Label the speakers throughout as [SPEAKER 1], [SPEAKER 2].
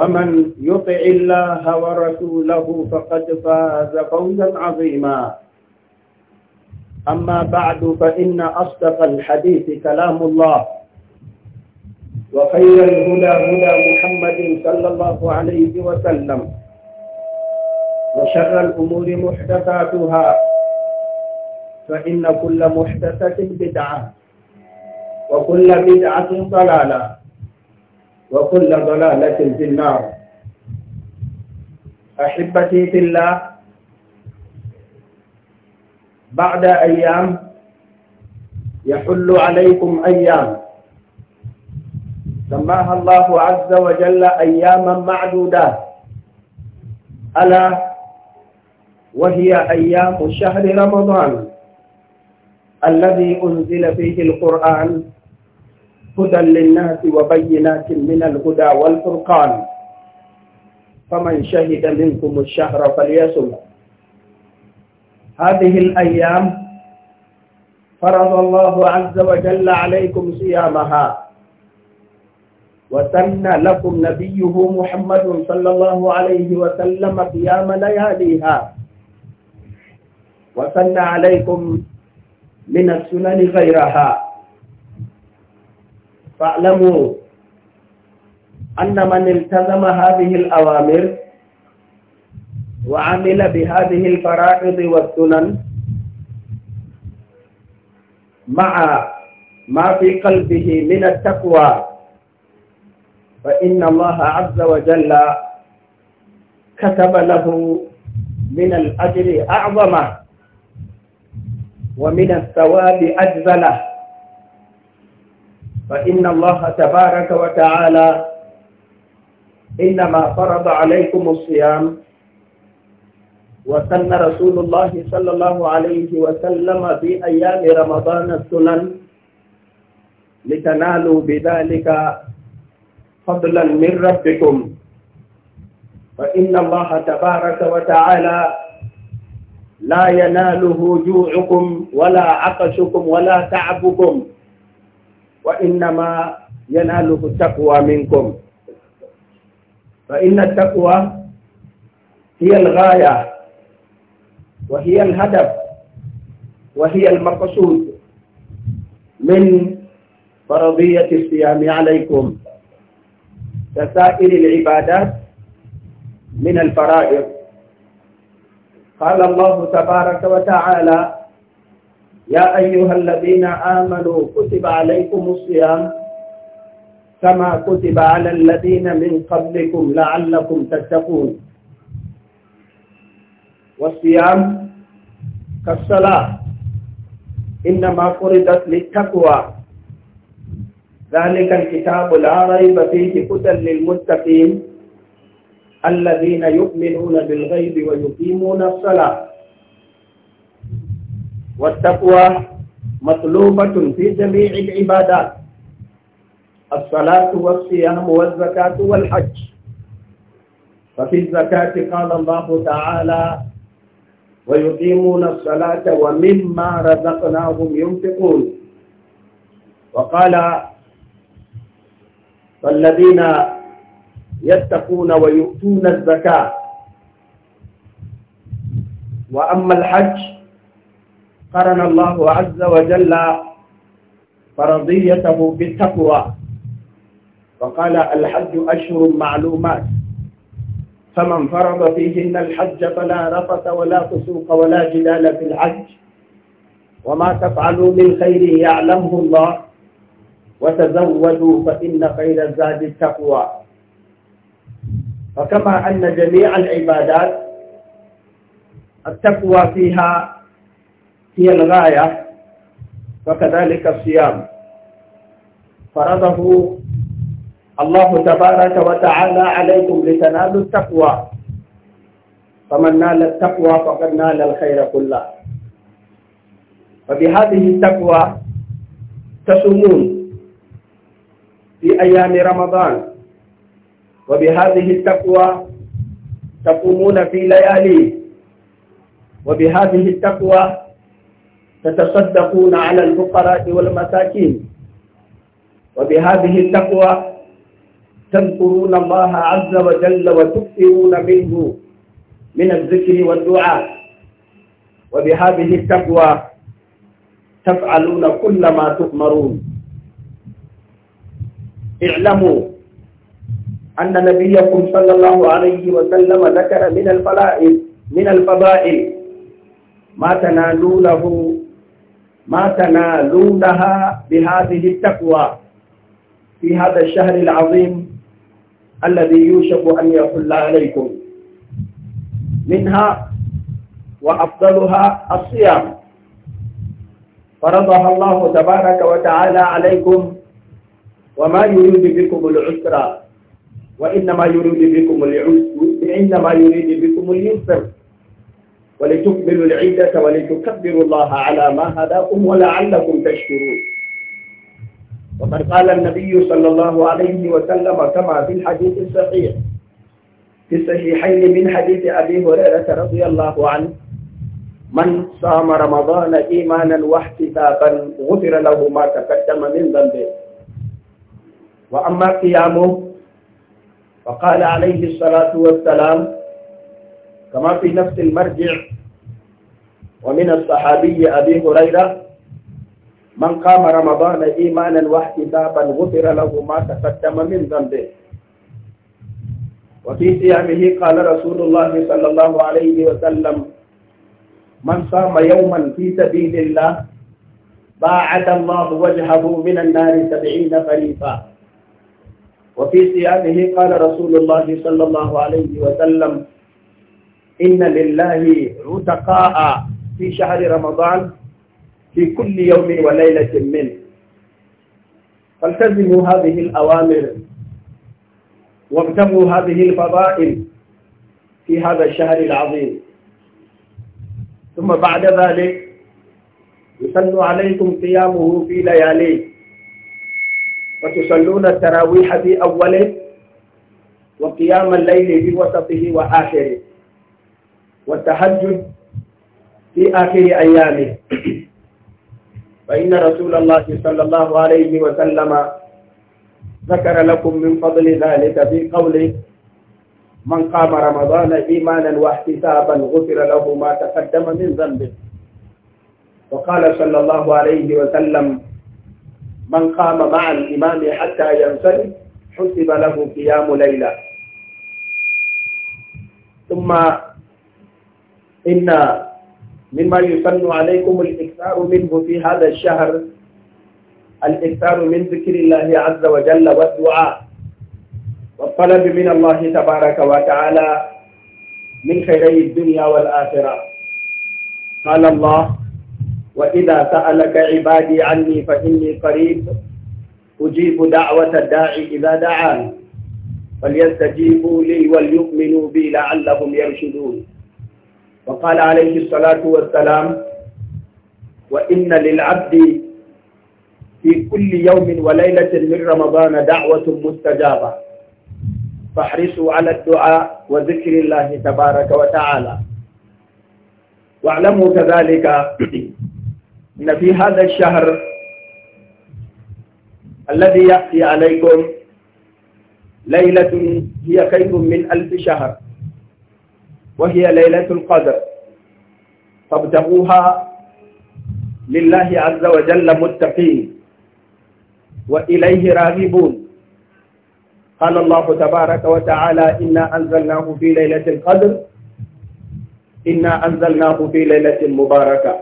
[SPEAKER 1] ومن يطع الله ورسوله فقد فاز فوزا عظيما أما بعد فإن أصدق الحديث كلام الله
[SPEAKER 2] وخير الهدى
[SPEAKER 1] هدى محمد صلى الله عليه وسلم وشر الأمور محدثاتها فإن كل محدثة بدعة وكل بدعة ضلالة وكل ضلالة في النار أحبتي في الله بعد أيام يحل عليكم أيام سماها الله عز وجل أياما معدودات ألا وهي أيام شهر رمضان الذي أنزل فيه القرآن هدى للناس وبينات من الهدى والفرقان فمن شهد منكم الشهر فليصم هذه الأيام فرض الله عز وجل عليكم صيامها وسن لكم نبيه محمد صلى الله عليه وسلم قيام لياليها وسن عليكم من السنن غيرها فاعلموا أن من التزم هذه الأوامر وعمل بهذه الفرائض والسنن مع ما في قلبه من التقوى فإن الله عز وجل كتب له من الأجر أعظمه ومن الثواب أجزله فإن الله تبارك وتعالى إنما فرض عليكم الصيام وسن رسول الله صلى الله عليه وسلم في أيام رمضان السنن لتنالوا بذلك فضلا من ربكم فإن الله تبارك وتعالى لا يناله جوعكم ولا عطشكم ولا تعبكم وإنما يناله التقوى منكم فإن التقوى هي الغاية وهي الهدف وهي المقصود من فرضية الصيام عليكم كسائر العبادات من الفرائض قال الله تبارك وتعالى يا أيها الذين آمنوا كتب عليكم الصيام كما كتب على الذين من قبلكم لعلكم تتقون والصيام كالصلاة إنما فرضت للتقوى ذلك الكتاب لا ريب فيه هدى للمتقين الذين يؤمنون بالغيب ويقيمون الصلاة والتقوى مطلوبة في جميع العبادات الصلاة والصيام والزكاة والحج ففي الزكاة قال الله تعالى ويقيمون الصلاة ومما رزقناهم ينفقون وقال فالذين يتقون ويؤتون الزكاة وأما الحج قرن الله عز وجل فرضيته بالتقوى وقال الحج أشهر معلومات فمن فرض فيهن الحج فلا رفث ولا فسوق ولا جدال في الحج وما تفعلوا من خير يعلمه الله وتزودوا فإن خير الزاد التقوى فكما أن جميع العبادات التقوى فيها هي الغاية وكذلك الصيام فرضه الله تبارك وتعالى عليكم لتنالوا التقوى فمن نال التقوى فقد نال الخير كله وبهذه التقوى تصومون في أيام رمضان وبهذه التقوى تقومون في لياليه وبهذه التقوى تتصدقون على الفقراء والمساكين وبهذه التقوى تذكرون الله عز وجل وتكثرون منه من الذكر والدعاء وبهذه التقوى تفعلون كل ما تؤمرون اعلموا أن نبيكم صلى الله عليه وسلم ذكر من الفضائل من الفضائل ما تنالونه ما تنالونها بهذه التقوى في هذا الشهر العظيم الذي يوشك أن يحل عليكم منها وأفضلها الصيام فرضها الله تبارك وتعالى عليكم وما يريد بكم العسر وإنما يريد بكم العسر وإنما يريد بكم اليسر ولتكملوا العدة ولتكبروا الله على ما هداكم ولعلكم تشكرون وقد قال النبي صلى الله عليه وسلم كما في الحديث الصحيح في الصحيحين من حديث أبي هريرة رضي الله عنه من صام رمضان إيمانا واحتسابا غفر له ما تقدم من ذنبه وأما قيامه فقال عليه الصلاة والسلام كما في نفس المرجع ومن الصحابي أبي هريرة من قام رمضان إيمانا واحتسابا غفر له ما تقدم من ذنبه وفي صيامه قال رسول الله صلى الله عليه وسلم من صام يوما في سبيل الله باعد الله وجهه من النار سبعين فريقا وفي صيامه قال رسول الله صلى الله عليه وسلم إن لله رتقاء في شهر رمضان في كل يوم وليلة منه فالتزموا هذه الأوامر وابتغوا هذه الفضائل في هذا الشهر العظيم ثم بعد ذلك يصل عليكم قيامه في لياليه وتصلون التراويح في أوله وقيام الليل في وسطه وآخره والتهجد في آخر أيامه فإن رسول الله صلى الله عليه وسلم ذكر لكم من فضل ذلك في قوله من قام رمضان إيمانا واحتسابا غفر له ما تقدم من ذنبه وقال صلى الله عليه وسلم من قام مع الإمام حتى ينصرف حسب له قيام ليلة ثم إن مما يسن عليكم الإكثار منه في هذا الشهر الإكثار من ذكر الله عز وجل والدعاء والطلب من الله تبارك وتعالى من خيري الدنيا والآخرة قال الله وإذا سألك عبادي عني فإني قريب أجيب دعوة الداعي إذا دعان فليستجيبوا لي وليؤمنوا بي لعلهم يرشدون وقال عليه الصلاة والسلام وإن للعبد في كل يوم وليلة من رمضان دعوة مستجابة فاحرصوا على الدعاء وذكر الله تبارك وتعالى واعلموا كذلك أن في هذا الشهر الذي يأتي عليكم ليلة هي خير من ألف شهر وهي ليلة القدر فابتغوها لله عز وجل متقين وإليه راغبون قال الله تبارك وتعالى إنا أنزلناه في ليلة القدر إنا أنزلناه في ليلة مباركة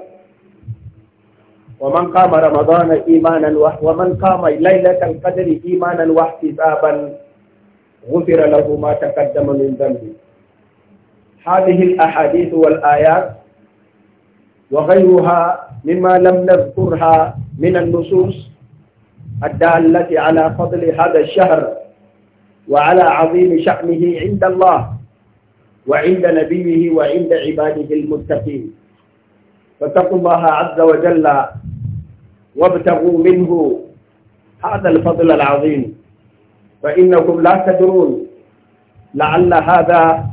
[SPEAKER 1] ومن قام رمضان إيمانا ومن قام ليلة القدر إيمانا واحتسابا غفر له ما تقدم من ذنبه هذه الأحاديث والآيات وغيرها مما لم نذكرها من النصوص الدالة على فضل هذا الشهر وعلى عظيم شأنه عند الله وعند نبيه وعند عباده المتقين فاتقوا الله عز وجل وابتغوا منه هذا الفضل العظيم فإنكم لا تدرون لعل هذا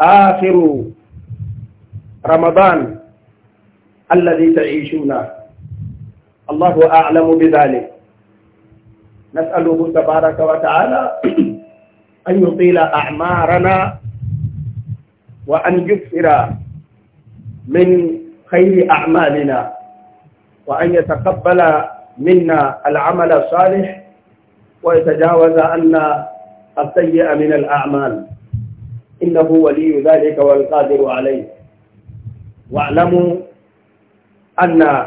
[SPEAKER 1] آخر رمضان الذي تعيشونه الله أعلم بذلك نسأله تبارك وتعالى أن يطيل أعمارنا وأن يكثر من خير أعمالنا وأن يتقبل منا العمل الصالح ويتجاوز عنا السيئة من الأعمال إنه ولي ذلك والقادر عليه واعلموا أن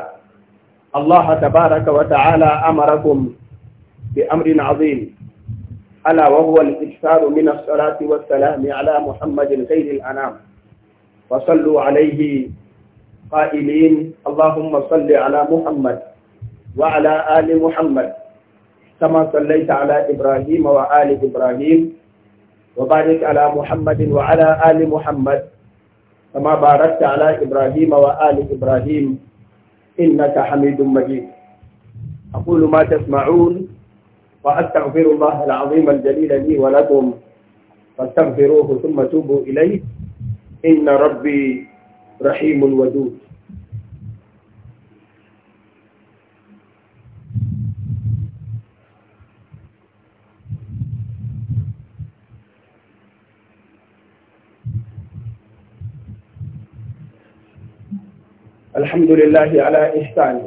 [SPEAKER 1] الله تبارك وتعالى أمركم بأمر عظيم ألا وهو الإكثار من الصلاة والسلام على محمد خير الأنام وصلوا عليه قائلين اللهم صل على محمد وعلى آل محمد كما صليت على إبراهيم وآل إبراهيم وبارك على محمد وعلى آل محمد كما باركت على إبراهيم وآل إبراهيم إنك حميد مجيد أقول ما تسمعون وأستغفر الله العظيم الجليل لي ولكم فاستغفروه ثم توبوا إليه إن ربي رحيم ودود الحمد لله على إحسانه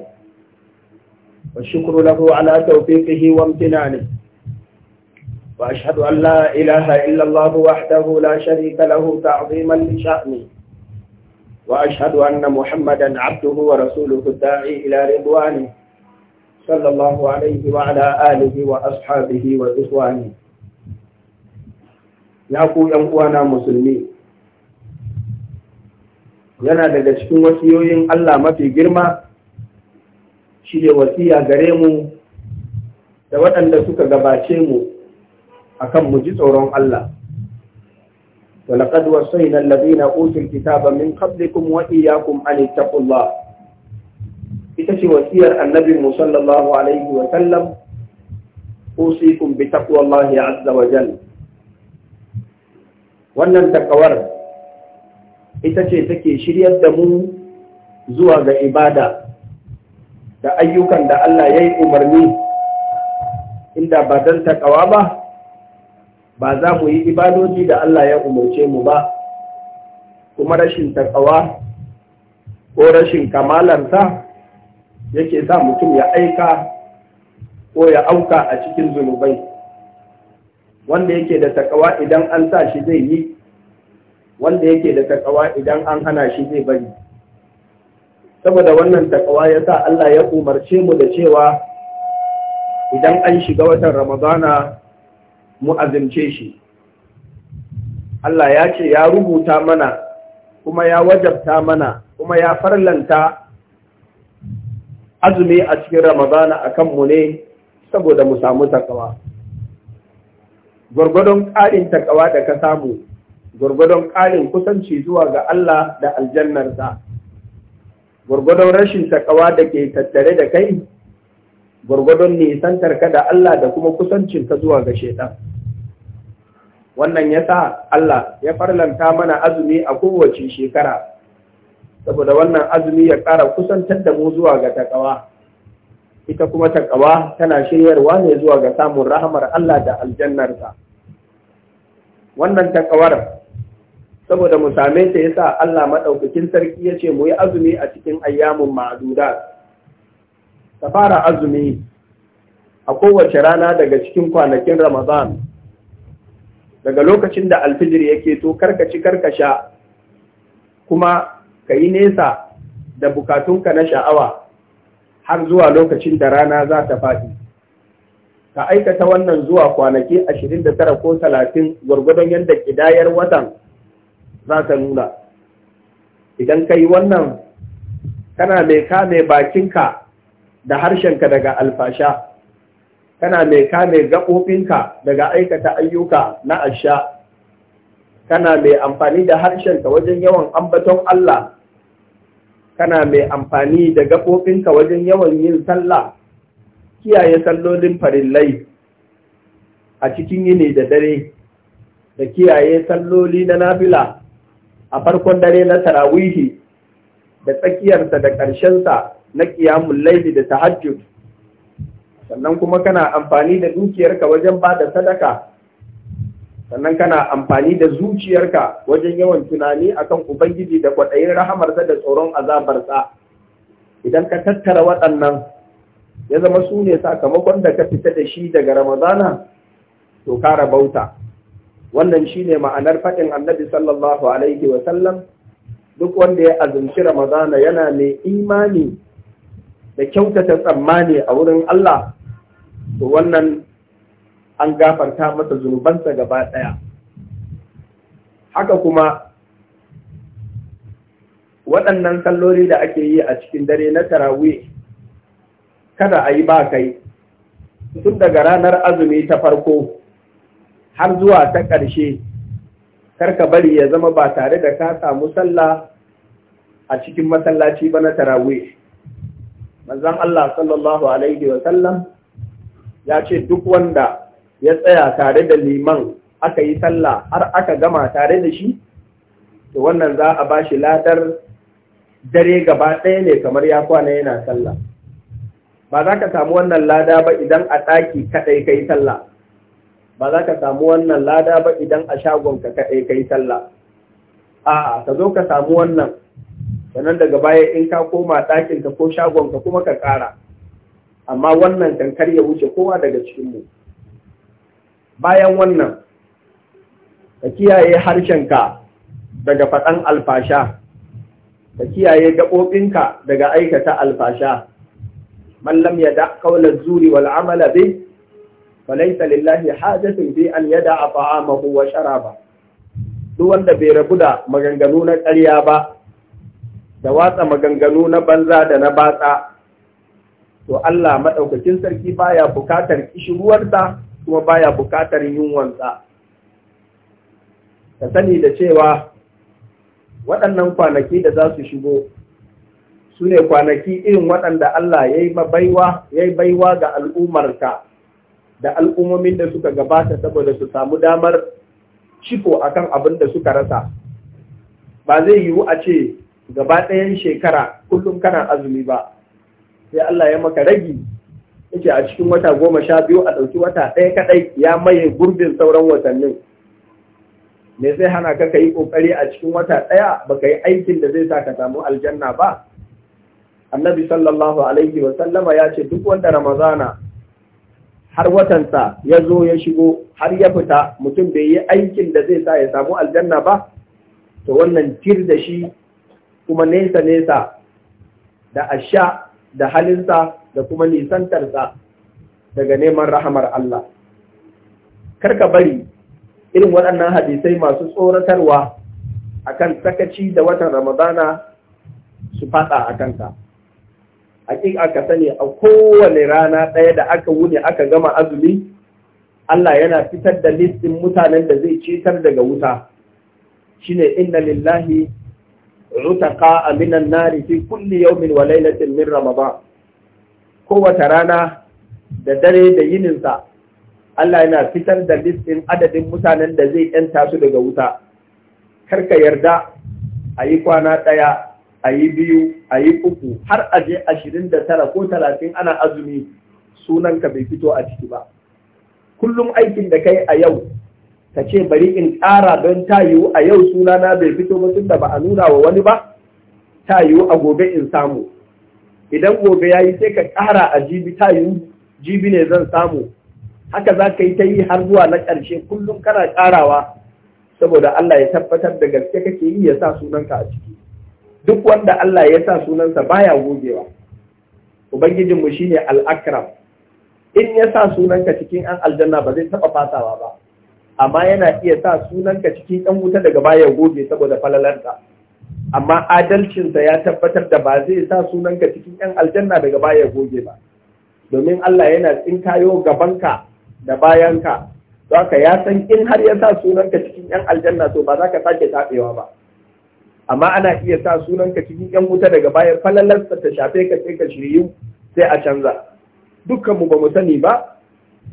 [SPEAKER 1] والشكر له على توفيقه وامتنانه وأشهد أن لا إله إلا الله وحده لا شريك له تعظيما لشأنه وأشهد أن محمدا عبده ورسوله الداعي إلى رضوانه صلى الله عليه وعلى آله وأصحابه وإخوانه يا أخوانا مسلمين yana daga cikin wasiyoyin Allah mafi girma shi ne wasiya gare mu da waɗanda suka gabace mu akan muji tsoron Allah ولقد وصينا الذين اوتوا الكتاب من قبلكم واياكم ان اتقوا الله ita ce wasiyar annabi mu sallallahu alaihi wa sallam usikum bi taqwallahi azza wa jalla wannan takawar ita ce take shiryar da mu zuwa ga ibada da ayyukan da Allah ya yi umarni inda ba don taƙawa ba ba za mu yi ibadoji da Allah ya umarce mu ba kuma rashin taƙawa ko rashin kamalarsa yake sa mutum ya aika ko ya auka a cikin zunubai wanda yake da taƙawa idan an sa shi zai yi wanda yake da takawa idan an hana shi zai bari saboda wannan takawa ya sa Allah ya umarce mu da cewa idan an shiga watan ramadana mu azumce shi Allah ya ce ya rubuta mana kuma ya wajabta mana kuma ya farlanta azumi a cikin ramadana akan mu ne saboda mu samu takawa gwargwadon ƙarin takawa da ka samu gwargwadon ƙarin kusanci zuwa ga Allah da aljannarsa gwargwadon rashin takawa da ke tattare da kai gwargwadon nisantar ka da Allah da kuma kusancin ka zuwa ga shaitan wannan ya sa Allah ya farlanta mana azumi a kowace shekara saboda wannan azumi ya ƙara kusantar da mu zuwa ga takawa ita kuma takawa tana shiryarwa ne zuwa ga samun rahamar Allah da aljannarsa wannan takawar saboda mu same ta yasa Allah madaukakin sarki ya ce mu yi azumi a cikin ayyamun ma'adudat ta fara azumi a kowace rana daga cikin kwanakin Ramadan daga lokacin da alfijir yake to karkaci karkasha kuma ka yi nesa da bukatunka na sha'awa har zuwa lokacin da rana za ta faɗi ka aikata wannan zuwa kwanaki 29 ko 30 gwargwadon yadda ƙidayar watan za ta nuna idan ka yi wannan kana mai kame bakinka da harshenka daga alfasha kana mai kame gaɓoɓinka daga aikata ayyuka na asha kana mai amfani da harshenka wajen yawan ambaton Allah kana mai amfani da gaɓoɓinka wajen yawan yin sallah kiyaye sallolin farillai a cikin yini da dare da kiyaye salloli na nafila a farkon dare na tarawihi da tsakiyarsa da ƙarshensa na ƙiyamun laifi da tahajjud sannan kuma kana amfani da dukiyarka wajen ba da sadaka sannan kana amfani da zuciyarka wajen yawan tunani akan ubangiji da kwaɗayin rahamarsa da tsoron azabarsa idan ka tattara waɗannan ya zama su ne sakamakon da ka fita da shi daga ramadana to kara bauta wannan shi ne ma'anar faɗin annabi sallallahu alaihi Wasallam, duk wanda ya azumci ramadana yana mai imani da kyautata tsammani a wurin Allah to wannan an gafarta masa zunubansa gaba ɗaya haka kuma waɗannan salloli da ake yi a cikin dare na tarawe kada a yi ba kai tun daga ranar azumi ta farko har zuwa ta ƙarshe karka bari ya zama ba tare da ka samu sallah a cikin masallaci ba na tarawe. Manzan Allah sallallahu alaihi wasallam ya ce duk wanda ya tsaya tare da liman aka yi sallah har aka gama tare da shi to wannan za a ba shi ladar dare gaba ɗaya ne kamar ya kwana yana sallah ba za ka samu wannan lada ba idan a ɗaki kaɗai ka yi sallah ba za ka samu wannan lada ba idan a shagon ka kaɗai ka yi sallah a'a ka zo ka samu wannan sannan daga baya in ka koma ɗakin ka ko shagon ka kuma ka ƙara amma wannan kan kar ya wuce kowa daga cikinmu bayan wannan ka kiyaye harshenka daga faɗan alfasha ka kiyaye gaɓoɓinka daga aikata alfasha mallam ya da ƙaunar zuri wal amala bai فليس لله hajatun bi an يدع طعامه وشرابه sharaba duk wanda bai rabu da maganganu na ƙarya ba da watsa maganganu na banza da na batsa to Allah madaukakin sarki baya bukatar kishiruwarsa kuma baya bukatar yunwansa ka sani da cewa waɗannan kwanaki da za su shigo su ne kwanaki irin waɗanda Allah ya yi baiwa ga al'ummarka da al'ummomin da suka gabata saboda su samu damar ciko akan abin da suka rasa ba zai yiwu a ce gaba ɗayan shekara kullum kana azumi ba sai Allah ya maka ragi yake a cikin wata goma sha biyu a ɗauki wata ɗaya kaɗai ya maye gurbin sauran watannin me zai hana ka ka yi ƙoƙari a cikin wata ɗaya ba ka yi aikin da zai sa ka samu aljanna ba annabi sallallahu alaihi wa sallama ya ce duk wanda ramazana har watansa ya zo ya shigo har ya fita mutum bai yi aikin da zai sa ya samu aljanna ba to wannan tir da shi kuma nesa nesa da asha da halinsa da kuma nisantarsa daga neman rahamar Allah karka bari irin waɗannan hadisai masu tsoratarwa akan sakaci da watan ramadana su faɗa a kanka. hakika aka sani a kowane rana ɗaya da aka wuni aka gama azumi Allah yana fitar da listin mutanen da zai cetar daga wuta shine inna lillahi a minan nari fi kulli yawmin wa lailatin min ramadan kowace rana da dare da yininsa Allah yana fitar da listin adadin mutanen da zai yanta su daga wuta karka yarda a yi kwana ɗaya a yi biyu a yi uku har a je ashirin da tara ko talatin ana azumi sunanka bai fito a ciki ba kullum aikin da kai a yau ka ce bari in ƙara don ta yiwu a yau suna na bai fito ba da ba a nuna wa wani ba ta yiwu a gobe in samu idan gobe ya yi sai ka ƙara a jibi ta yiwu jibi ne zan samu haka za ka yi ta yi har zuwa na ƙarshe kullum kana ƙarawa saboda Allah ya tabbatar da gaske kake yi ya sa sunanka a ciki duk wanda Allah ya sa sunansa baya gogewa ubangijinmu shine al-akram in ya sa sunanka cikin an aljanna ba zai taba fasawa ba amma yana iya sa sunanka cikin ɗan wuta daga baya goge saboda falalarka amma adalcinsa ya tabbatar da ba zai sa sunanka cikin 'yan aljanna daga baya goge ba domin Allah yana tsinkayo gabanka da bayanka za ka ya san in har ya sa sunanka cikin 'yan aljanna to ba za ka sake taɓewa ba amma ana iya sa sunanka cikin yan wuta daga bayan falalarsa ta shafe ka sai ka shiryu sai a canza dukkanmu ba mu sani ba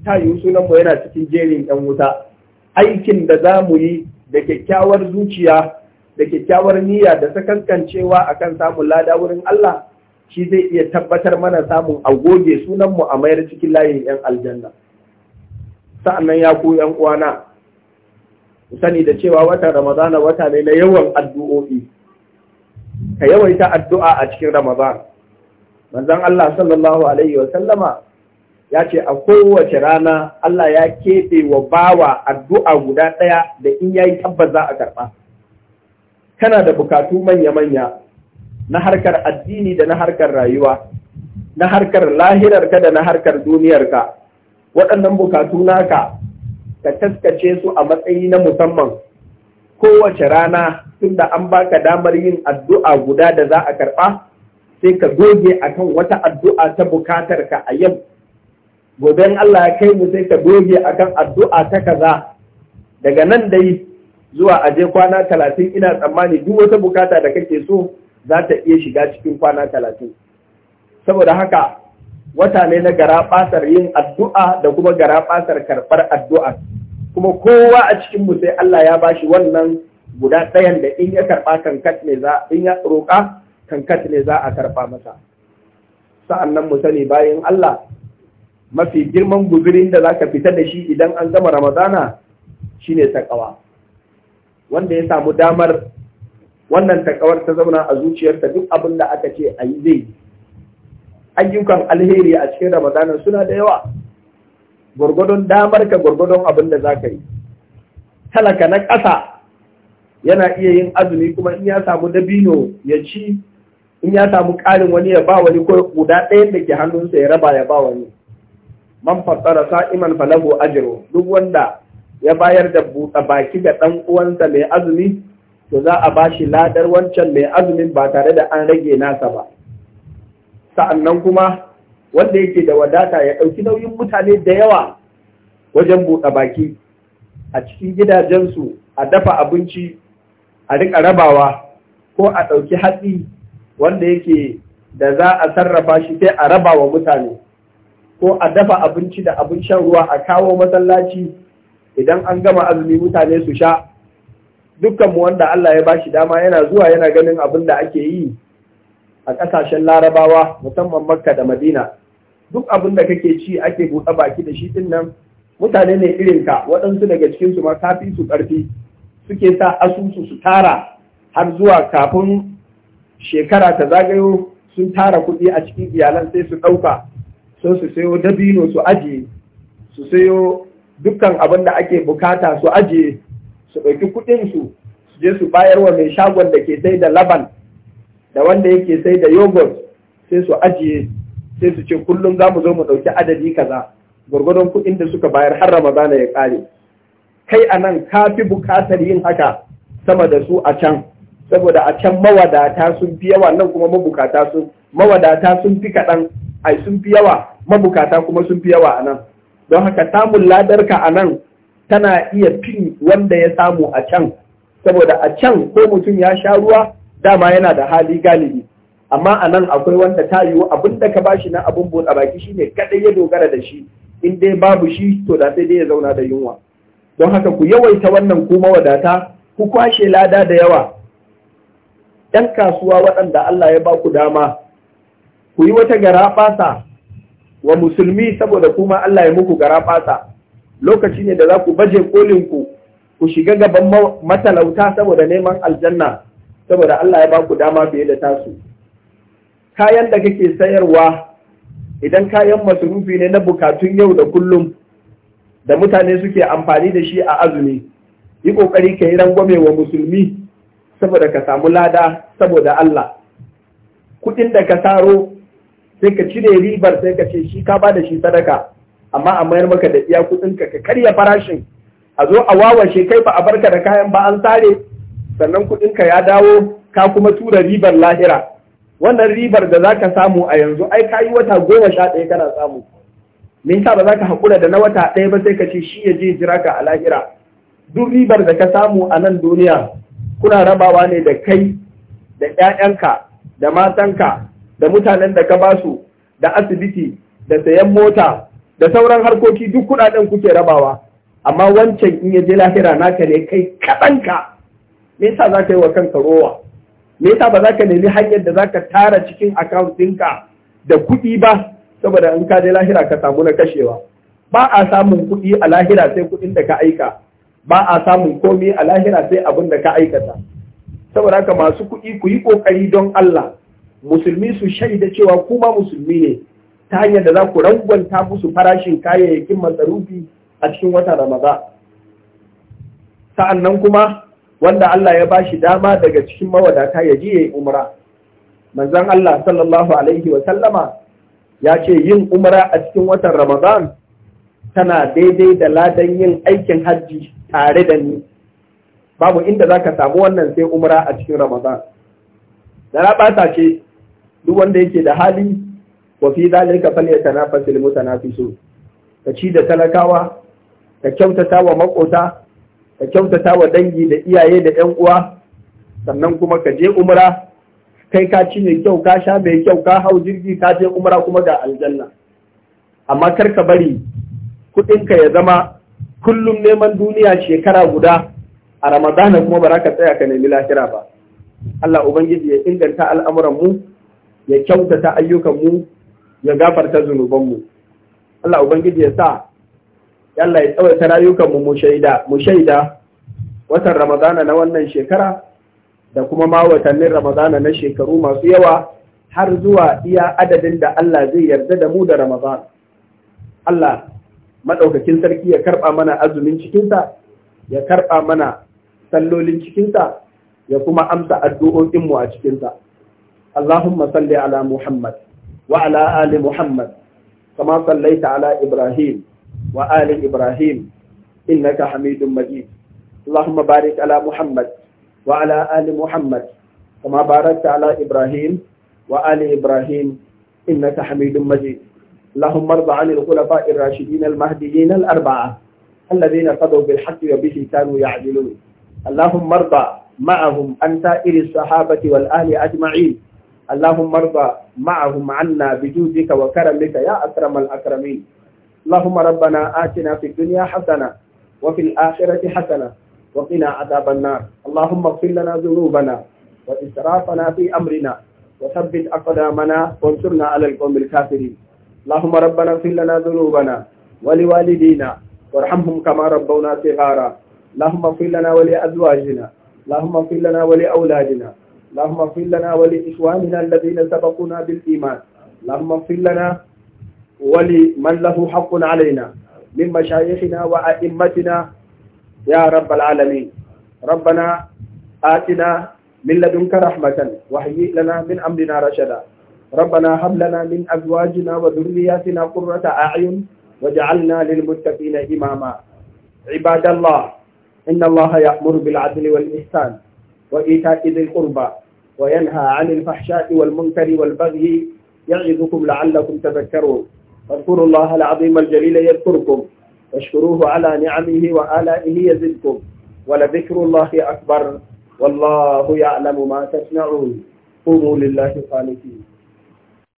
[SPEAKER 1] ta yi sunanmu yana cikin jerin yan wuta aikin da za mu yi da kyakkyawar zuciya da kyakkyawar niyya da kankancewa akan samun lada wurin Allah shi zai iya tabbatar mana samun agoge mu a mayar cikin layin yan aljanna sa'annan ya ku yan uwana ku sani da cewa watan ramadana wata ne na yawan addu'o'i ka yawaita addu'a a cikin ramadan manzon Allah sallallahu alaihi wa ya ce a kowace rana Allah ya keɓe wa bawa addu'a guda ɗaya da in yayi tabbas za a karɓa kana da bukatu manya-manya na harkar addini da na harkar rayuwa na harkar lahirarka da na harkar duniyarka waɗannan bukatu naka ka taskace su a matsayi na musamman kowace rana tunda an baka damar yin addu'a guda da za a karɓa sai ka doge akan wata addu'a ta bukatar ka a yau goben Allah ya kai mu sai ka doge akan addu'a ta kaza daga nan dai zuwa aje kwana talatin ina tsammani duk wata bukata da kake so za ta iya shiga cikin kwana talatin saboda haka wata ne na garaɓasar yin addu'a da kuma garaɓasar karɓar addu'a kuma kowa a cikin mu sai Allah ya ba shi wannan guda ɗayan da in ya karɓa kankat ne za in ya roƙa kankat ne za a karɓa masa Sa'annan nan mu sani bayan Allah mafi girman guzurin da za ka fita da shi idan an gama ramadana shine takawa wanda ya samu damar wannan taƙawar ta zauna a zuciyarsa duk abin da aka ce a yi zai ayyukan alheri a cikin ramadana suna da yawa gwargwadon damar ka gwargwadon abin da za ka yi talaka na ƙasa yana iya yin azumi kuma in ya samu dabino ya ci in ya samu ƙarin wani ya ba wani ko guda ɗayan da ke hannunsa ya raba ya ba wani man fassara sa'iman falahu ajiru duk wanda ya bayar da buɗa baki ga ɗan uwansa mai azumi to za a bashi ladar wancan mai azumin ba tare da an rage nasa ba sa'annan kuma wanda yake da wadata ya ɗauki nauyin mutane da yawa wajen buɗe baki a cikin gidajensu a dafa abinci a riƙa rabawa ko a ɗauki hatsi wanda yake da za a sarrafa shi sai a raba wa mutane ko a dafa abinci da abin shan ruwa a kawo masallaci idan an gama azumi mutane su sha dukkanmu wanda Allah ya bashi dama yana zuwa yana ganin abin da ake yi a ƙasashen larabawa musamman makka da madina duk abin da kake ci ake buɗe baki da shi ɗin nan mutane ne irin ka waɗansu daga cikin su ma kafi su ƙarfi suke sa asusu su tara har zuwa kafin shekara ta zagayo sun tara kuɗi a cikin iyalan sai su ɗauka sun su sayo dabino su ajiye su sayo dukkan abin da ake bukata su ajiye su ɗauki kuɗinsu su je su bayar wa mai shagon da ke sai da laban da wanda yake sai da yogurt sai su ajiye sai su ce kullum za mu zo mu ɗauki adadi kaza gwargwadon kuɗin da suka bayar har ramadana ya ƙare kai a nan ka fi buƙatar yin haka sama da su a can saboda a can mawadata sun fi yawa nan kuma mabukata sun mawadata sun fi kaɗan ai sun fi yawa mabukata kuma sun fi yawa a nan don haka samun ladarka a nan tana iya fin wanda ya samu a can saboda a can ko mutum ya sha ruwa dama yana da hali galibi amma a nan akwai wanda ta yiwu abin da ka bashi na abin a baki shine kaɗai ya dogara da shi in dai babu shi to da sai dai ya zauna da yunwa don haka ku yawaita wannan kuma wadata ku kwashe lada da yawa ‘yan kasuwa waɗanda Allah ya ba ku dama ku yi wata garaɓasa wa musulmi saboda kuma Allah ya muku garaɓasa lokaci ne da za ku baje kolinku ku shiga gaban matalauta saboda neman aljanna saboda Allah ya ba ku dama fiye da tasu kayan da kake sayarwa idan kayan masurufi ne na bukatun yau da kullum da mutane suke amfani da shi a azumi yi ƙoƙari ka yi rangwame wa musulmi saboda ka samu lada saboda Allah Kuɗin da ka taro sai ka cire ribar sai ka ce shi ka ba da shi sadaka amma a mayar maka da iya kudin ka ka karya farashin a zo a wawashe kai ba a barka da kayan ba an sare sannan kuɗinka ya dawo ka kuma tura ribar lahira wannan ribar da za ka samu a yanzu ai ka yi wata goma sha ɗaya kana samu me yasa ba za ka haƙura da na wata ɗaya ba sai ka ce shi ya je jira ka a lahira duk ribar da ka samu a nan duniya kuna rabawa ne da kai da 'ya'yanka, da matanka da mutanen da ka basu da asibiti da sayan mota da sauran harkoki duk kuɗaɗen kuke rabawa amma wancan in ya je lahira naka ne kai kaɗanka me yasa za ka yi wa kanka rowa me yasa ba za ka nemi hanyar da za ka tara cikin akawuntinka ɗinka da kuɗi ba saboda in ka je lahira ka samu na kashewa ba a samun kuɗi a lahira sai kuɗin da ka aika ba a samun komai a lahira sai abin da ka aikata saboda haka masu kuɗi ku yi ƙoƙari don Allah musulmi su shaida cewa kuma musulmi ne ta hanyar da za ku rangwanta musu farashin kayayyakin masarufi a cikin wata ramaza sa'an nan kuma wanda Allah ya ba shi dama daga cikin mawadata ya je yi umra manzan Allah sallallahu alaihi wasallama ya ce yin umra a cikin watan Ramadan tana daidai da ladan yin aikin hajji tare da ni babu inda za ka samu wannan sai umra a cikin Ramadan da bata ce duk wanda yake da hali wa fi zalika fi so. ka ci da talakawa ka kyautata wa makota ka kyautata wa dangi da iyaye da yan uwa sannan kuma ka je umra kai ka ci mai kyau ka sha mai kyau ka hau jirgi ka je umra kuma ga aljanna amma kar ka bari kuɗinka ya zama kullum neman duniya shekara guda a ramadana kuma ba za ka tsaya ka nemi lahira ba Allah ubangiji ya inganta al'amuran mu ya kyautata ayyukan mu ya gafarta zunubanmu mu Allah ubangiji ya sa Yalla ya tsawaita rayukanmu mu shaida mu shaida watan Ramadana na wannan shekara da kuma ma watannin Ramadana na shekaru masu yawa har zuwa iya adadin da Allah zai yarda da mu da Ramadan. Allah madaukakin sarki ya karba mana azumin cikinsa ya karba mana sallolin cikinsa ya kuma amsa addu'o'inmu a cikinsa. Allahumma salli ala Muhammad wa ala ali Muhammad kama sallaita ala Ibrahim وآل إبراهيم إنك حميد مجيد اللهم بارك على محمد وعلى آل محمد كما باركت على إبراهيم وآل إبراهيم إنك حميد مجيد اللهم ارض عن الخلفاء الراشدين المهديين الأربعة الذين قضوا بالحق وبه كانوا يعدلون اللهم ارضى معهم عن سائر الصحابة والآل أجمعين اللهم ارضى معهم عنا بجودك وكرمك يا أكرم الأكرمين اللهم ربنا آتنا في الدنيا حسنة وفي الآخرة حسنة وقنا عذاب النار اللهم اغفر لنا ذنوبنا وإسرافنا في أمرنا وثبت أقدامنا وانصرنا على القوم الكافرين اللهم ربنا اغفر لنا ذنوبنا ولوالدينا وارحمهم كما ربونا صغارا اللهم اغفر لنا ولأزواجنا اللهم اغفر لنا ولأولادنا اللهم اغفر لنا ولإخواننا الذين سبقونا بالإيمان اللهم اغفر لنا ولمن له حق علينا من مشايخنا وأئمتنا يا رب العالمين ربنا آتنا من لدنك رحمة وهيئ لنا من أمرنا رشدا ربنا هب لنا من أزواجنا وذرياتنا قرة أعين وجعلنا للمتقين إماما عباد الله إن الله يأمر بالعدل والإحسان وإيتاء ذي القربى وينهى عن الفحشاء والمنكر والبغي يعظكم لعلكم تذكرون فاذكروا الله العظيم الجليل يذكركم واشكروه على نعمه وآلائه يزدكم ولذكر الله أكبر والله يعلم ما تصنعون قوموا لله خالقين